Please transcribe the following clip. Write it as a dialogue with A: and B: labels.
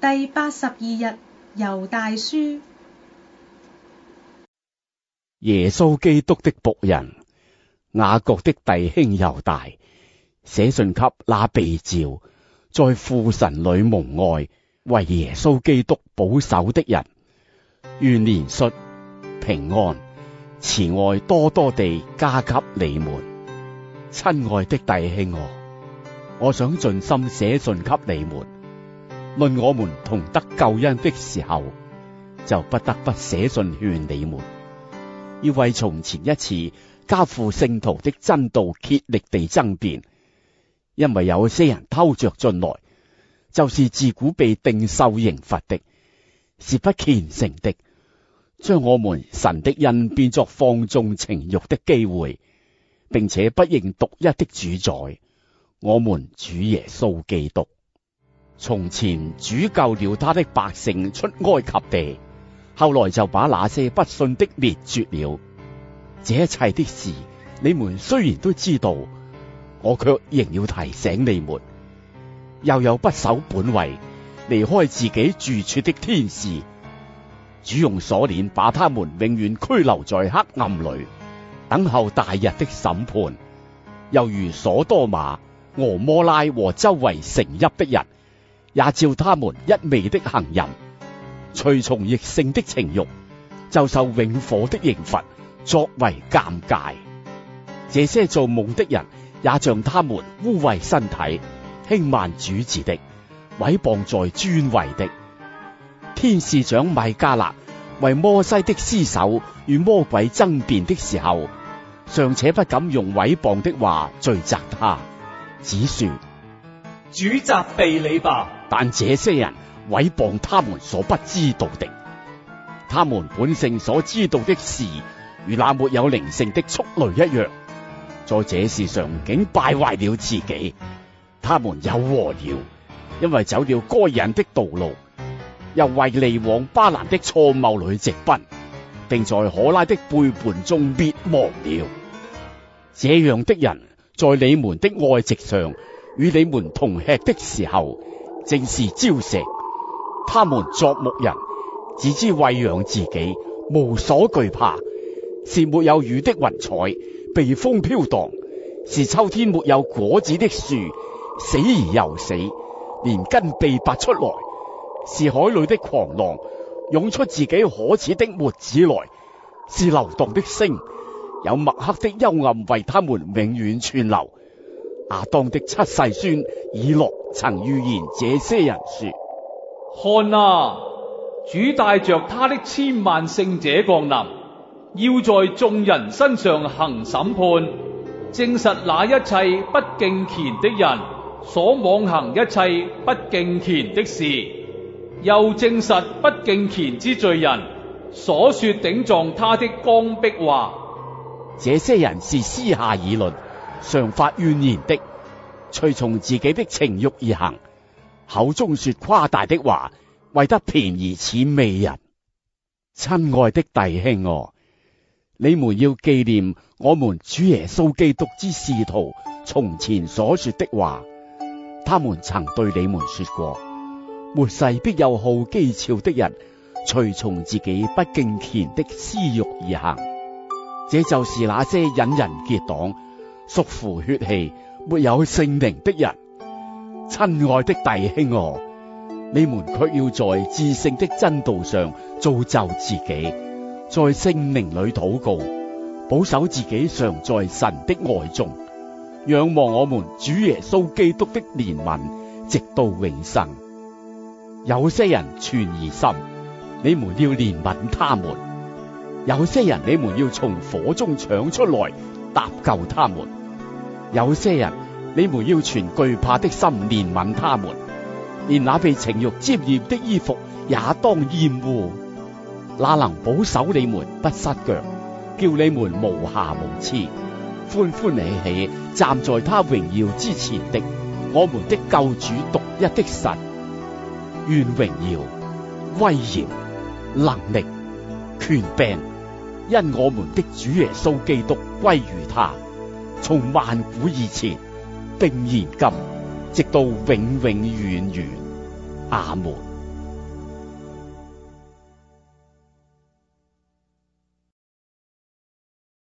A: 第八十二日，猶大書。耶穌基督的僕人雅各的弟兄猶大，寫信給那被召在父神裏蒙愛，為耶穌基督保守的人，願憐恤、平安，慈愛多多地加給你們。親愛的弟兄我，我我想盡心寫信給你們。論我們同得救恩的時候，就不得不寫信勸你們，要為從前一次交付聖徒的真道竭力地爭辯，因為有些人偷着進來，就是自古被定受刑罰的，是不虔誠的，將我們神的恩變作放縱情欲的機會，並且不認獨一的主宰，我們主耶穌基督。從前主救了他的百姓出埃及地，後來就把那些不信的滅絕了。這一切的事，你們雖然都知道，我卻仍要提醒你們。又有不守本位、離開自己住處的天使，主用鎖鏈把他們永遠拘留在黑暗裏，等候大日的審判。又如所多瑪、俄摩拉和周圍城邑的人。也照他們一味的行淫，隨從逆性的情慾，就受永火的刑罰作為鑒戒。這些做夢的人，也像他們污穢身體、輕慢主持的、毀謗在尊位的。天使長米迦勒為摩西的屍首與魔鬼爭辯的時候，尚且不敢用毀謗的話罪責他，只說。主責備你吧，但這些人毀謗他們所不知道的，他們本性所知道的事，如那沒有靈性的畜類一樣，在這事上竟敗壞了自己。他們有禍了，因為走了該人的道路，又為利往巴蘭的錯謬裏直奔，並在可拉的背叛中滅亡了。這樣的人，在你們的愛席上。與你們同吃的時候，正是礁石。他們作牧人，只知餵養自己，無所懼怕。是沒有雨的雲彩，被風飄蕩；是秋天沒有果子的樹，死而又死，連根被拔出來；是海裏的狂浪，湧出自己可恥的沫子來；是流動的星，有墨黑的幽暗為他們永遠存留。亞當的七世孫以諾曾預言這些人說：看啊，主帶着他的千萬聖者降臨，要在眾人身上行審判，證實那一切不敬虔的人所妄行一切不敬虔的事，又證實不敬虔之罪人所說頂撞他的剛愎話。這些人是私下議論。常發怨言的，隨從自己的情欲而行，口中說誇大的話，為得便宜諂媚人。親愛的弟兄、哦，你們要紀念我們主耶穌基督之使徒從前所說的話，他們曾對你們說過：末世必有好譏誚的人，隨從自己不敬虔的私欲而行。這就是那些引人結黨。屬乎血氣、沒有聖靈的人，親愛的弟兄啊，你們卻要在至聖的真道上造就自己，在聖靈裏禱告，保守自己常在神的愛中，仰望我們主耶穌基督的憐憫，直到永生。有些人存疑心，你們要憐憫他們；有些人你們要從火中搶出來，搭救他們。有些人，你們要存懼怕的心憐憫他們，連那被情欲沾染的衣服也當厭惡。那能保守你們不失腳，叫你們無瑕無疵，歡歡喜喜站在他榮耀之前的我們的救主獨一的神，願榮耀、威嚴、能力、權柄因我們的主耶穌基督歸於他。從萬古以前，並現今，直到永永遠遠，阿門。